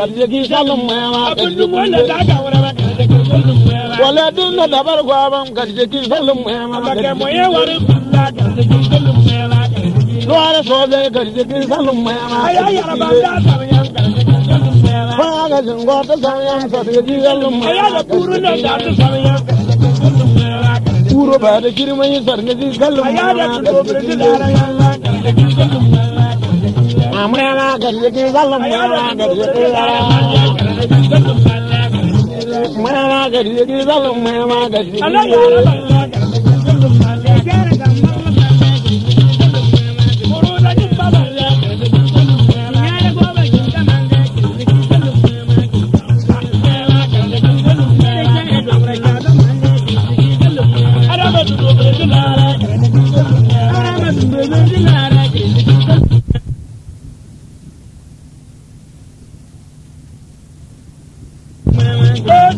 karzegi salum mema abundum wala daga warama karzegi salum mema wala dinna dabar gwabam karzegi salum mema baka moye warin banda karzegi salum mema Luara sobe karzegi salum mema ayayara banda samyam karzegi salum mema faga zingota samyam karzegi salum mema ayala puru na data samyam karzegi salum mema puro ba da kirmai sarnezi salum mema ayala puro da dara karzegi salum mema Amena gariye zalam mena gariye zalam mena gariye zalam mena gariye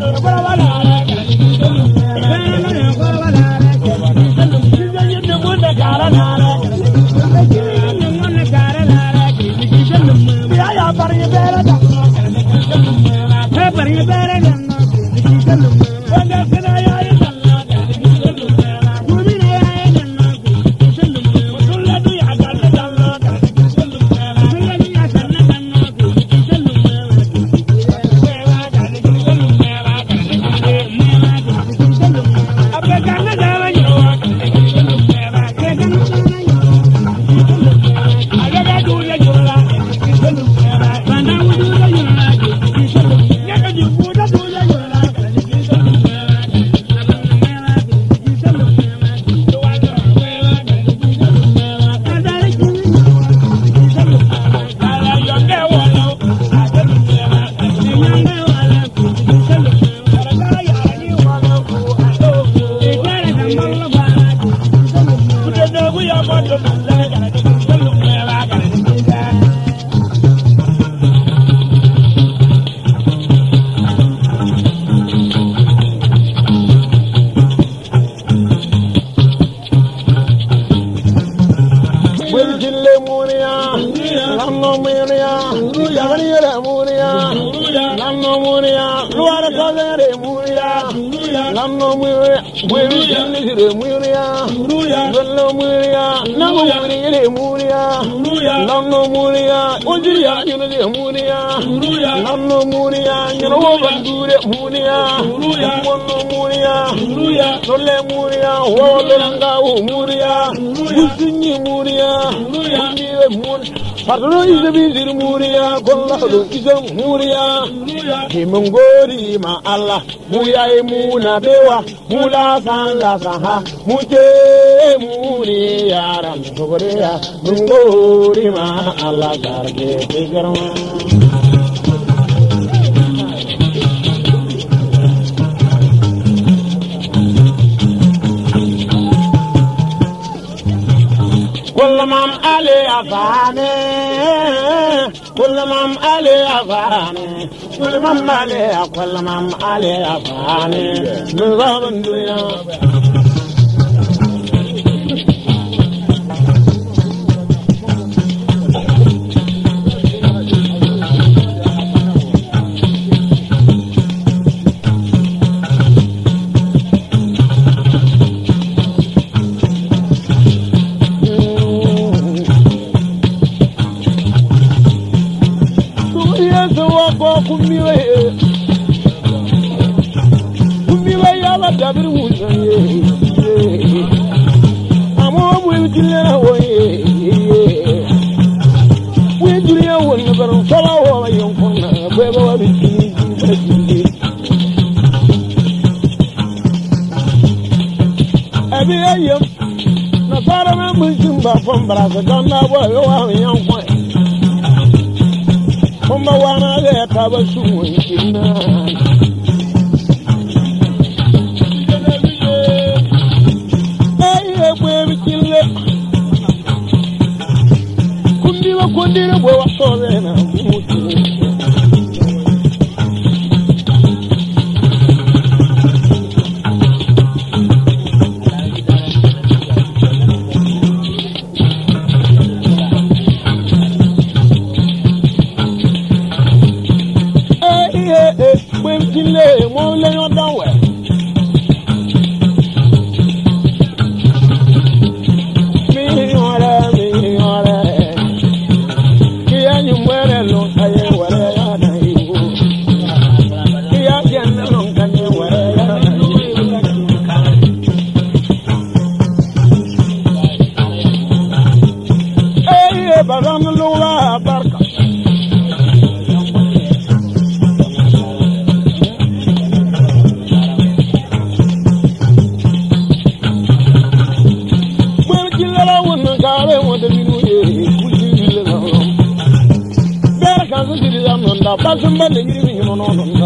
Go, muriya lanno muriya luwara kazare muriya lanno muriya mweru jinnisire muriya lanno muriya namo muriyire muriya lanno muriya ojiriya jinnisire muriya lanno muriya nyanawo bandure muriya monno muriya lolle muriya wolo langawo muriya gusunyi muriya kundiwe muriya Farno izu bizir muriya, gwalla hazo izan muriya, himin gori ma Allah, mu yayi muna bewa, mu lasan lasan ha, mu ke muri yaran muriya, mun gori ma Allah garge girma. ale afane kulmam ale afane kulmam ale kulmam ale afane nuzabun dunya kumire kumire yala dabiri wuzan ye amo wuyujuliya wo ye wuyujuliya wo nabari fɔlɔ wo la yen kunna bɛɛ bɛ wa bi jiri jiri bɛ jiri. Abi ayem, nasara mɛ mun sin ba fɔ n bara fɛ, dɔn n'a bɔ a bɛ wa yan kɔn. ba su wankin nan Kundi wa kundi na bwa wa sore na mutu ran lula barka Mwenjilala wunan kare wanda minu ye kujirile na Berkan kujirile na basun bende yiri mi nono nono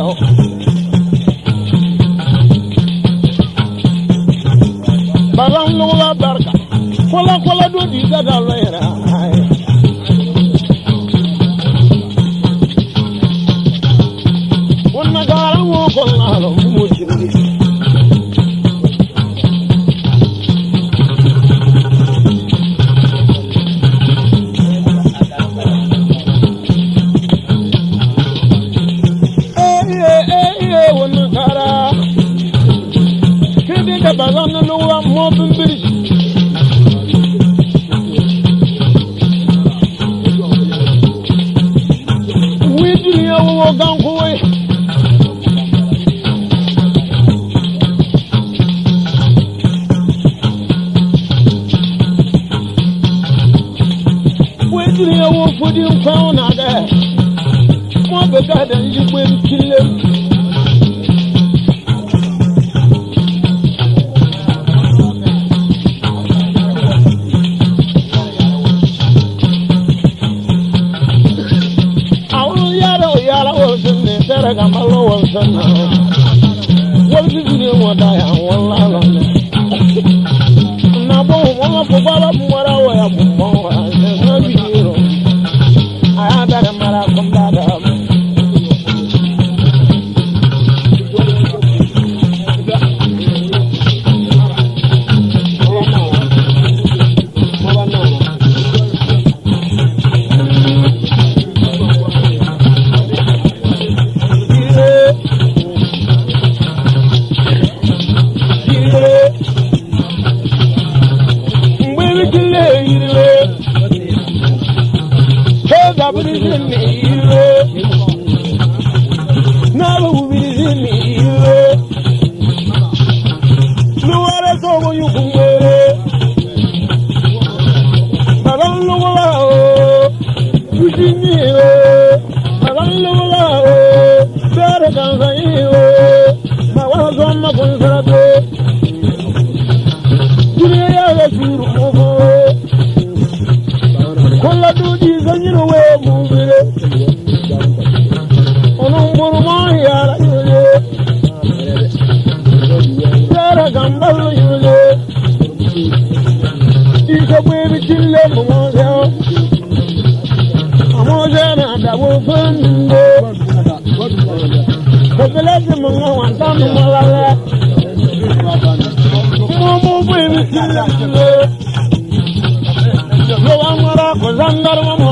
Bandhan kandalo yule Iko kwebi chile mwaze Mwaze na dawo fundo Kopelezi mwa wantamu mwalale Mwamu kwebi chile mwaze Yowa mwara kuzandar wa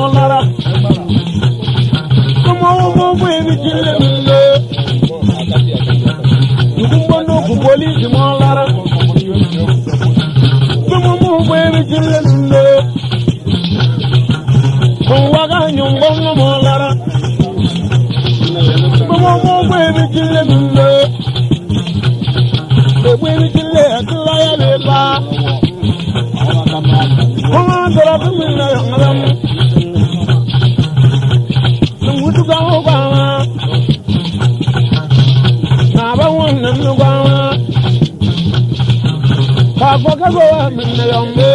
nle ewere kele atụla ya lela ọnwa dọrọ bụ mmiri na yọngara m nwutukwa nwụkwa nwa na-aba nwanne nnukwa nwa ka akpọkagowa mmiri na yọngbe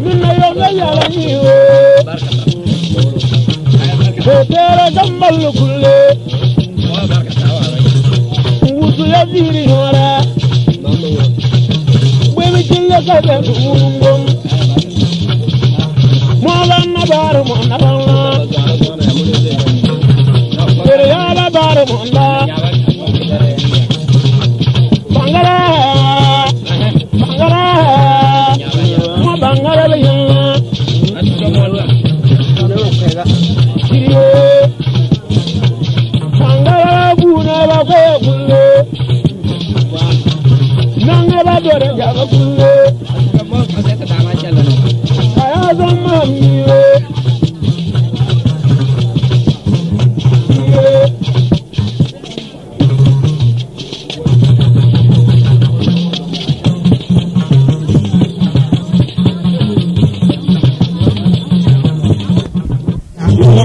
mmiri na yọngbe yara n'ihu Tetere gambalu kulle biri hora gwemi jille kabe wurungom molan na baro mo na balla tere yala baro mo na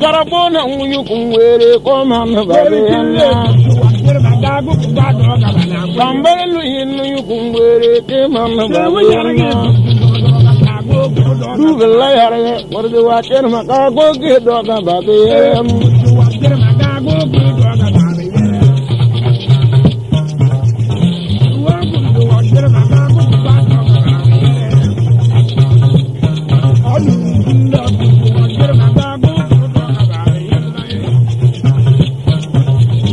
garabo na nwunyukwu were koma mbari yana tambari luyi nwunyukwu were tema mbari yana dubela yare wadda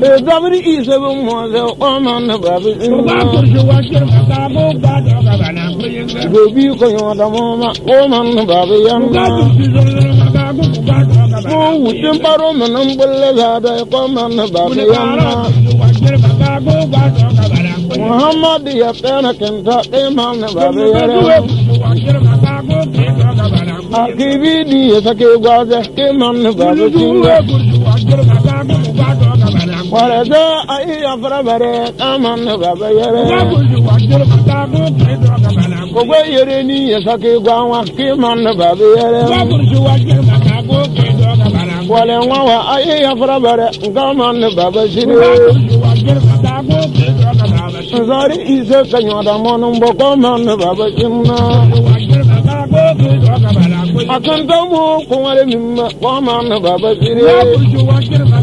oman Muhammad ya iman na di ya sake gwaze iman na warɛsɛ ayi yafara bɛrɛ k'ama nɔgɔ bɛ yɛrɛ. kogo yɛrɛ ni yasake gwanwa k'i ma nɔgɔ bɛ yɛrɛ. wale ŋa wa ayi yafara bɛrɛ nk'ama nɔgɔ bɛ siri. nzari ise ka ɲɔgɔnda mɔni bɔ k'ama nɔgɔ bɛ simna. a kan tɛ mu kɔngɔ de min bɛ k'ama nɔgɔ bɛ siri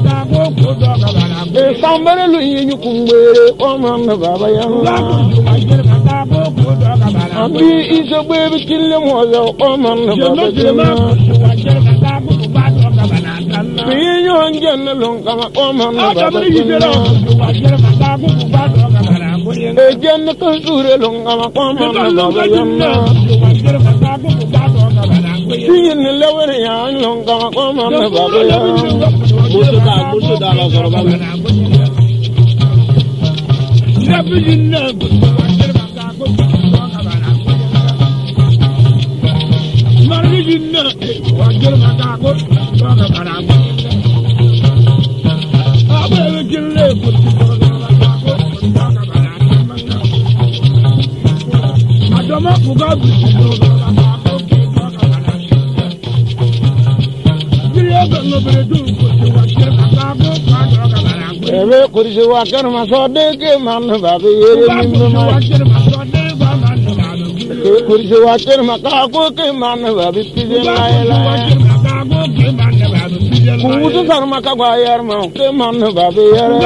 sanbere lu yi yukungbere o mɛ baba ya ma. an bi isogbe bi kiri mɔzɔn o ma mɛ baba ya ma fiye yɔn jɛnɛ lɔn kama o ma na baba jɛnɛ. e jɛnɛ ka suure lɔn kama o ma na baba jɛnɛ. fiye ni lawere yan lɔn kama o ma na baba jɛnɛ. Never Mùsùlùmá lọ sọ̀rọ̀ bá mi. Nàbíyí náà. Màríyí náà. Wàjọ́lùmá ká kó lọ́kàn bàrà gbọ́. Oríṣi wa kẹ́nu máa sọ déédéé máa nù bàbá eré mímú máa. Oríṣi wa kẹ́nu máa ká gòkè máa nù bàbá píjẹ́ láyé láyé. Kùwùtù sanu ma ka gba yẹrẹ ma o. Kè ma nù bàbá yẹrẹ.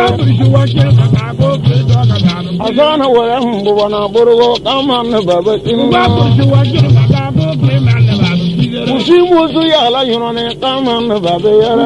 Asana wòye ń bọ̀ náà borogo ká ma nù bàbá inú ma. Kùsì mùsù yàrá yìí rọ̀ ní ká ma nù bàbá yẹrẹ.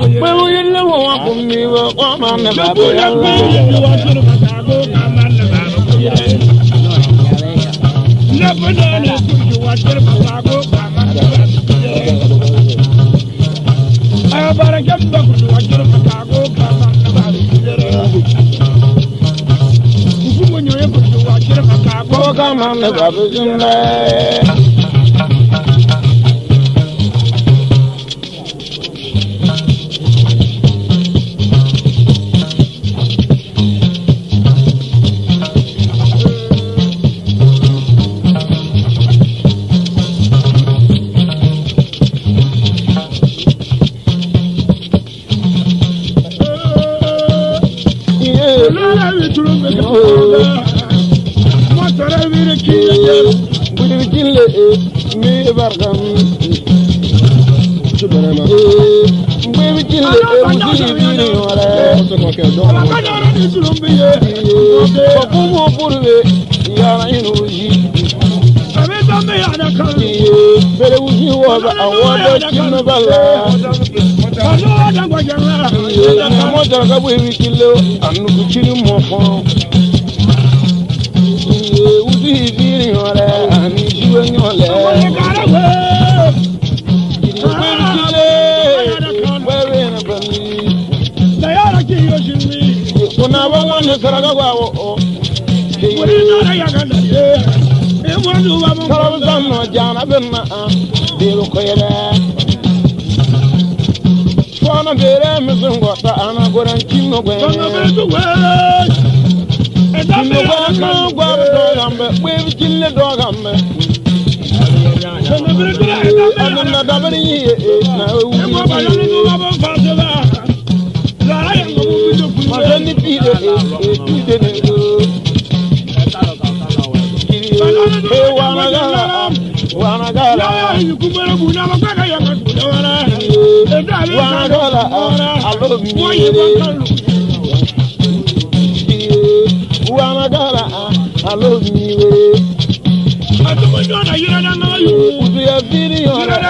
Wewe yele wo wa kumi wo wa ma na ba bo ya ba. Na bo na na kuju wa tere ba ba go ba ma na ba. Ay bara ke ba kuju wa tere ba ka go ba ma na ba. Kuju mo nyoye kuju wa tere ba ka go ka ma na ba bo jumla. ni barkam subhanallah mbe mi ci le mu ci bi ni wala so ko ke do ko do ni sulum bi ye ko ko mo burbe ya na inu yi abe do me ya na kan bere wu ji wo ba awon do ci na bala ko do ko jara na mo jara ka bu wi ci le anu ku ci ni mo fo Uzi bi ni ore ani dúró ní ọ̀lẹ́. Kuna wọ́n ní saraka gba wọ́ ọ́. Wọ́n ní ọ̀rẹ́ yàgà lẹ́yẹ. Ewu ọdún wa mọ̀. Sọ̀rọ̀ sọ̀rọ̀ nà jàǹdà bẹ̀ nà án. Bẹ̀rù kọ̀ yẹ dẹ́. Fọ́nà bẹ̀rẹ̀ mi sùn gọ̀ sa àná gbọ́dọ̀ kí n nọ gbẹ̀yẹ. Sọ̀rọ̀ bẹ̀rẹ̀ sùn wẹ̀. Ẹ̀dá mi yà á nọ. Kí n nọ gbọ́ kan gbọ́ bẹ̀ dọ̀ gàn bẹ̀. Pé kí n lè dọ̀ gàn bẹ̀. damini yi na ewu yi. Ẹ̀kọ́ bàjẹ́ nínú bàbá ń fa ṣe bá. yẹn kò mú bí ṣe kú. Màṣẹ ní bí de bí de ní ko. Ee wàhánà gàlà wàhánà gàlà. Yàrá yìí kú mẹ́rẹ̀ bù náà bàbá kà yàgbà kù náà wàrà. Wàhánà gàlà alo mi yẹrẹ. Wàhánà gàlà alo mi yẹrẹ. Àtúmọ̀ jọ̀ọ́ na yẹrẹ dáná yòó. Kùtù yẹ fírí yọ̀rọ̀.